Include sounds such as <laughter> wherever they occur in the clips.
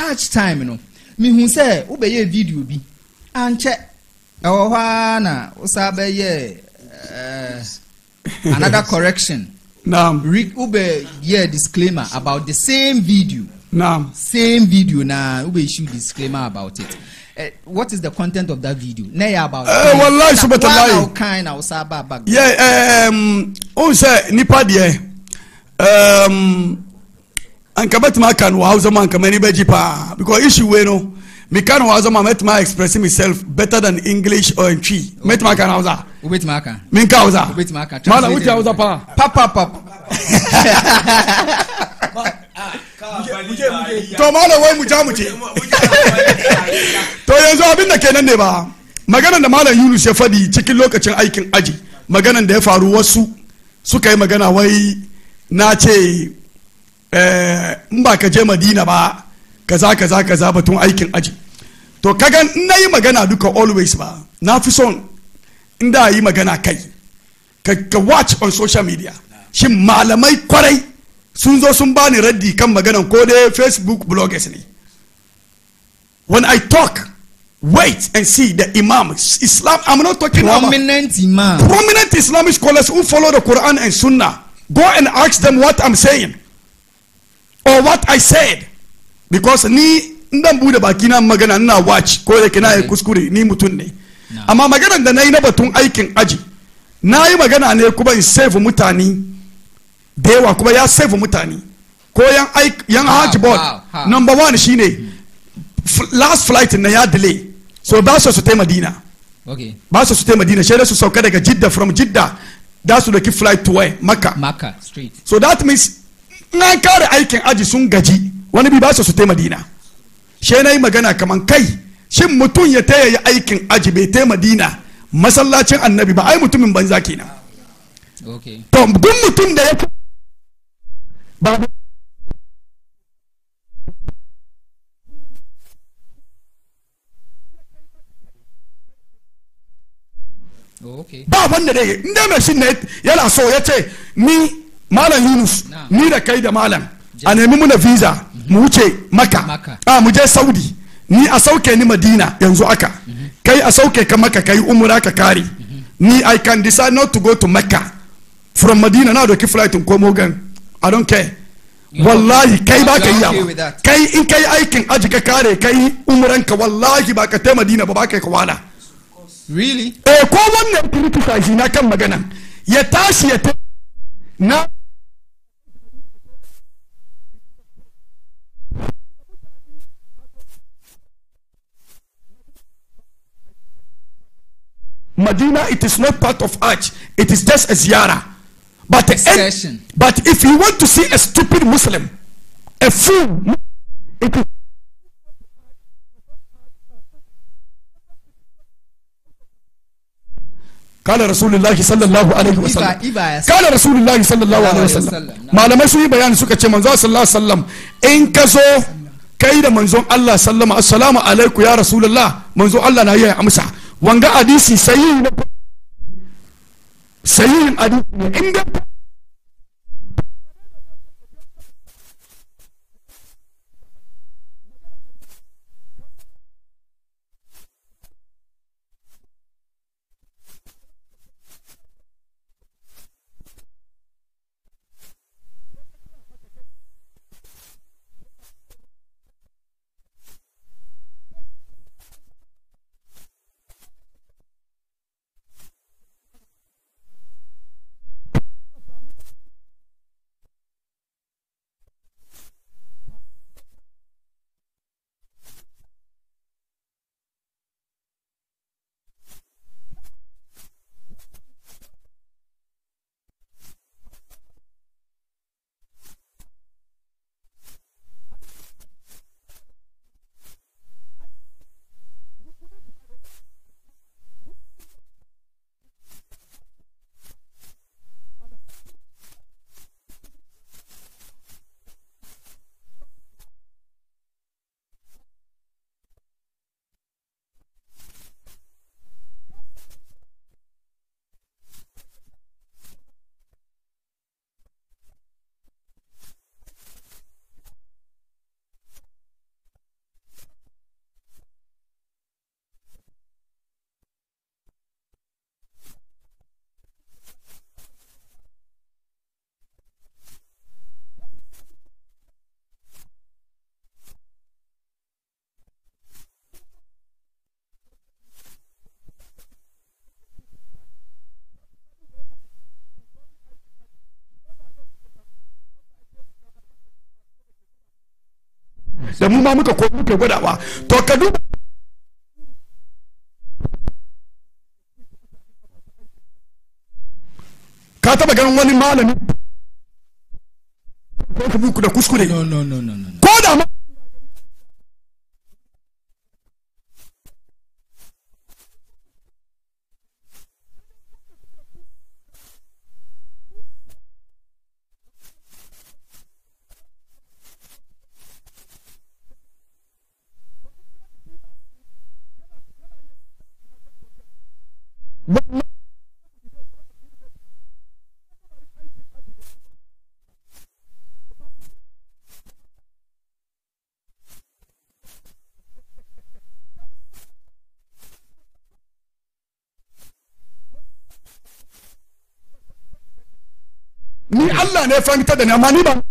hajj time no mehu sɛ wobɛyɛ video bi ankyɛ ɛwɔ hɔ ara na wosa bɛyɛ eh, another <laughs> correction naam wobɛ yɛ disclaimer about the same video naam same video na wobɛ issue disclaimer about it uh, what is the content of that video na about. ɛɛ walayi sɔbɛtɛ layi wa na kan na wosa ba ba. yɛ ɛɛ n sɛ nipa um, anka bɛtumi aka no wɔ hausa mu anka m'ani bɛgye paa because issue wei no mika no wɔ hausa mu a mɛtumi express myself better than english or in ntwi mɛtumi aka no hausa wobɛtumi aka minka hausa wobɛtumi aka mala wotu hausa paa papapap to malam wai mu ja mu ce to yanzu abin da kenan ne ba magana da malam yunus ya faɗi cikin lokacin aikin aji magana da ya faru wasu suka yi magana wai na ce Eh, in ba ka je madina ba kaza kaza kaza batun aikin aji to kagan na yi magana duka always ba na fi son inda yi magana kai ka watch on social media shi malamai kwarai sun zo sun bani raddi kan maganan ko dai facebook bloggers ne when i talk wait and see the imam islam i'm not talking prominent imam prominent islamic scholars who follow the quran and sunnah go and ask them what i'm saying or what i said because ni dan bude baki na magana ina watch ko da kina yi mm-hmm. kuskure ni mutun ne amma maganar da nayi na batun aikin aji na yi magana ne kuma in save mutane da yawa kuma ya save mutane ko yan hard board number one shine mm. last flight na ya delay so ba su su tai madina ba su su tai madina da su sauka daga jidda from jidda da su doki flight to where makka so that means na kare aikin aji sun gaji wani bi ba su su tai madina she na yi magana kaman kai shin mutum ya taya yi aikin aji bai tai madina masallacin annabi ba ai mutumin banza kenan to duk mutum da ya ba ba wanda da yi inda mai shi ne yana so ya ce ni malam yunus ni da kai da malam a nemi muna visa mu wuce maka a mu je saudi ni a sauke ni madina yanzu aka kai a sauke ka maka kai umura ka kare ni i can decide not to go to mecca from madina na doki flight in komo gan i don't care wallahi kai ba ka yi yawa kai in kai aikin aji ka kare kai umuran ka wallahi ba ka ta madina ba ba ka kawala really eh ko wannan kirkita shi na kan magana ya tashi ya ta na Medina, it is not part of Hajj. It is just a ziyara But, but if you want to see a stupid Muslim, a fool, it is قال رسول الله صلى الله عليه وسلم قال رسول الله صلى الله عليه وسلم malamai sun yi bayani suka ce وسلم إن كزو كيد in ka zo kai da manzon Allah sallama عليكم يا ya الله من Allah na yi amsa wanga hadisi sahihi na sahihin hadisi inda da mu ma muka muka gwada ba to ka duba ka taba ganin wani malami ko da kuskure no no no no, no. ni Allah ne ya da ni amma ni ba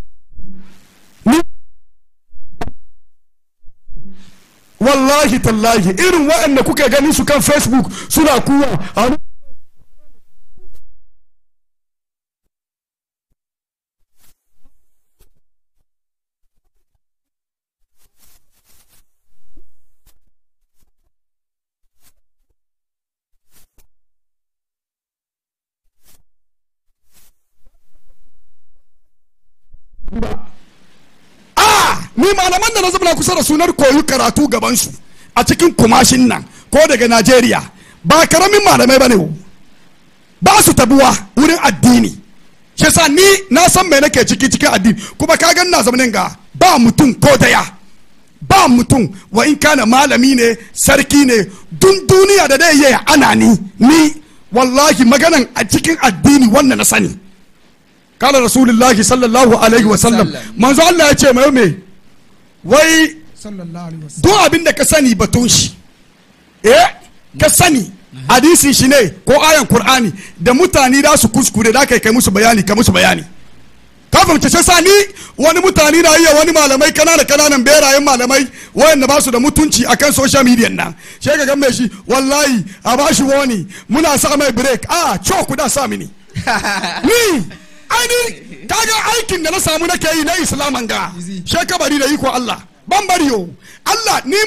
wallahi tallahi irin waɗanda kuka gani su kan facebook suna kuwa kusa da sunar koyi karatu gabansu a cikin kumashin nan ko daga najeriya ba karamin malamai ba ne ba su tabuwa wurin addini shi yasa ni na san mai nake ciki cikin addini kuma ka gan na zamanin ga ba mutum ko daya ba mutum wa in kana malami ne sarki ne dun duniya da dai yaya ana ni ni wallahi maganan a cikin addini wannan na sani kala rasulullahi sallallahu alaihi wasallam manzo Allah ya ce mai me wai duk abin da ka sani batun shi eh ka sani hadisin shi ne ko ayan Kur'ani da mutane da su kuskure da kai kai musu bayani ka musu bayani ka fahimta sai sani wani mutane na iya wani malamai kanana kananan berayen malamai wayanda ba su da mutunci akan social media nan sai ka gambe shi wallahi a ba shi wani muna sa mai break a ah, cho ku da sa mini <laughs> ni ani kaga aikin da na samu nake yi na islaman ga shekabari da iko Allah ban bari yo Allah ni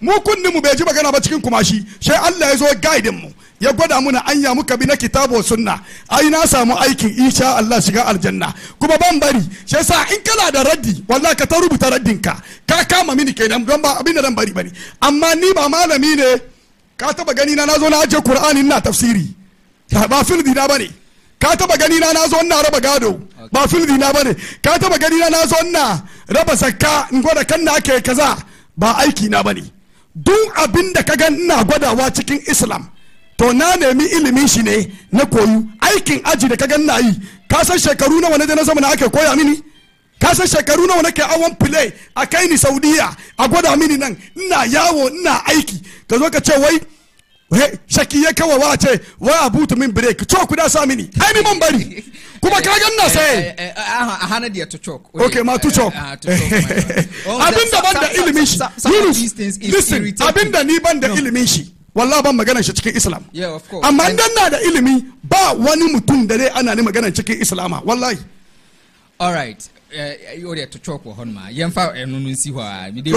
mu kunni mu bai ji magana ba cikin kumashi sai Allah ya zo guide mu ya gwada muna anya muka bi na kitabu sunna ai na samu aikin insha Allah shiga aljanna kuma ban bari sai sa in kana da raddi wallahi ka ta rubuta raddin ka kama mini kenan don ba abin da dan bari bane amma ni ba malami ne ka taba gani na nazo na aje Qur'ani ina tafsiri ba fil dina bane ka taba gani na nazo ina raba gado ba fildi na bane ka taba gani na zo na raba sakka in gwada kan na ake kaza ba aiki na bane duk abin da ka gani ina gwadawa cikin islam to na nemi ilimin shi ne na koyu aikin aji da ka gani na yi ka san shekaru nawa na na zama na ake koya mini ka san shekaru nawa nake awon file a kai ni saudiya a gwada mini nan ina yawo ina aiki ka zo ka ce wai shaki ya kawawa ce wai a butu min break to ku da sa mini ai ni bari kuma ka ga eh, eh, eh, na sai a hana da to chok okay ma to chok ah, <laughs> oh, abin da ban da ilimin shi Yunus listen abin da ni ban da ilimin shi wallah ban magana shi cikin Islam amma dan na da ilimi ba wani mutum da dai ana ne magana cikin islam wallahi all right wode eh, eh, to chalk wɔ hɔ noma yɛmfa ɛno eh, no nsi hɔ a medewi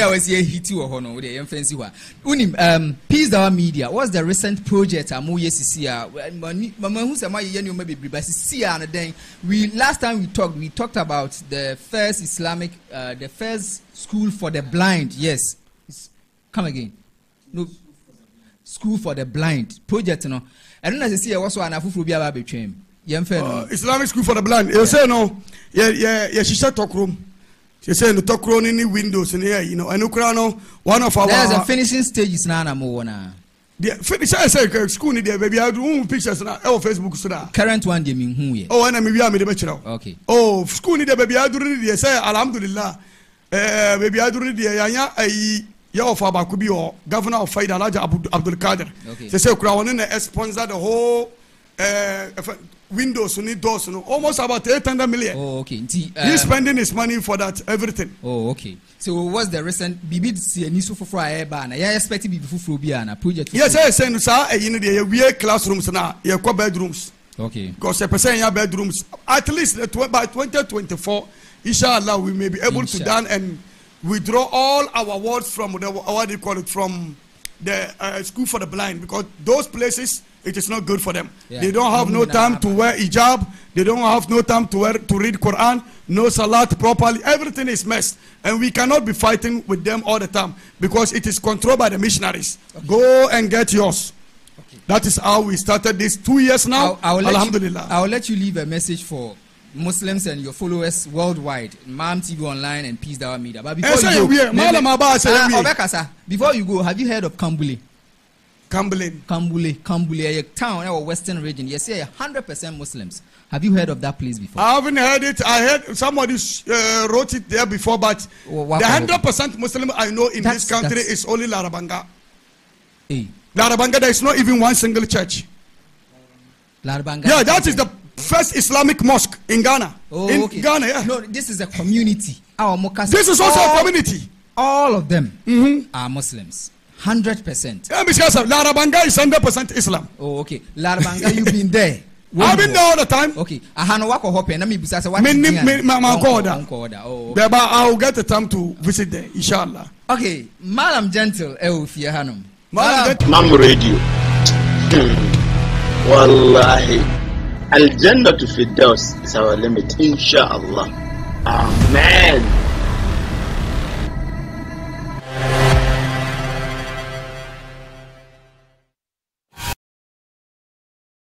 a wasi ahiti wɔ hɔ no wode yɛmfa nsi hɔ a wonim um, peace our media what's the recent project a moyɛ sisi a mamahu sɛ moayɛyɛ nneɔma bebree ba sisi no dɛn we last time we talked we talked about the first islamic uh, the first school for the blind yes come again no school for the blind project no ɛno na sisi ɛwɔ so a na foforɔ bi aba abɛtwam islamic school for the blind You say no Yeah, yɛhyehyɛ tɔkuro mu yɛsɛ no room in the windows in here. You know, ɛno kura no one of our. There's a finishing stages na na mo wɔ na. deɛ finish I say school in there, baabi I do pictures na Oh, facebook so na. current one deɛ mi hun Oh, ɔ ɛna mi wi a mi de bɛ okay. Oh, school in there, baabi I do ni deɛ say Alhamdulillah. ɛɛ baabi a duru ni deɛ yanya ayi. yɛwɔ fa baako or governor of faida alhaji abdulkadir sɛ sɛ kura wɔne na sponsor the whole uh, windows ni doors no almost about eight hundred million. oh okay nti. he's uh, spending his money for that everything. oh okay so what's the recent bibi si eni so foforɔ a yɛ ba ana yɛ expect bibi foforɔ bi ana project foforɔ. yes yes ɛnu saa eh, You ni deɛ yɛ wie classrooms na yɛ kɔ bedrooms. okay because yɛ pɛsɛn yeah, bedrooms at least by twenty twenty four inshallah we may be able inshallah. to down and withdraw all our words from the what do you call it from the uh, school for the blind because those places it is not good for them. Yeah. They don't have no time to wear hijab. They don't have no time to, wear, to read Quran, no salat properly. Everything is messed. And we cannot be fighting with them all the time because it is controlled by the missionaries. Okay. Go and get yours. Okay. That is how we started this two years now. I'll, I'll Alhamdulillah. You, I'll let you leave a message for Muslims and your followers worldwide, Mam TV Online and Peace Dawa Media. But before eh, you go, ah, before you go, have you heard of Kambule? Camboulin. Kambule, Kambule, a town, our western region. Yes, yeah, 100% Muslims. Have you heard of that place before? I haven't heard it. I heard somebody uh, wrote it there before, but the 100% Muslim I know in that's, this country is only Larabanga. Hey. Larabanga, there is not even one single church. Larabanga. Yeah, that is the first Islamic mosque in Ghana. Oh, in okay. Ghana, yeah. No, this is a community. Our Mokas. This is also all, a community. All of them mm -hmm. are Muslims. Hundred percent. Larabanga is hundred percent Islam. Oh, okay. Larabanga, you've been there. <laughs> I've been there all the time. Okay. I Ahano wako hope na mibisa se wako. Mimi makoda. Makoda. Oh. Okay. But I'll get the time to visit there, inshallah. Okay, Madam Gentle, eh ufie hanom. Madam Mam Radio. Hmm. Wallahi. Al Jannah to Firdaus is our limit, inshallah. Amen.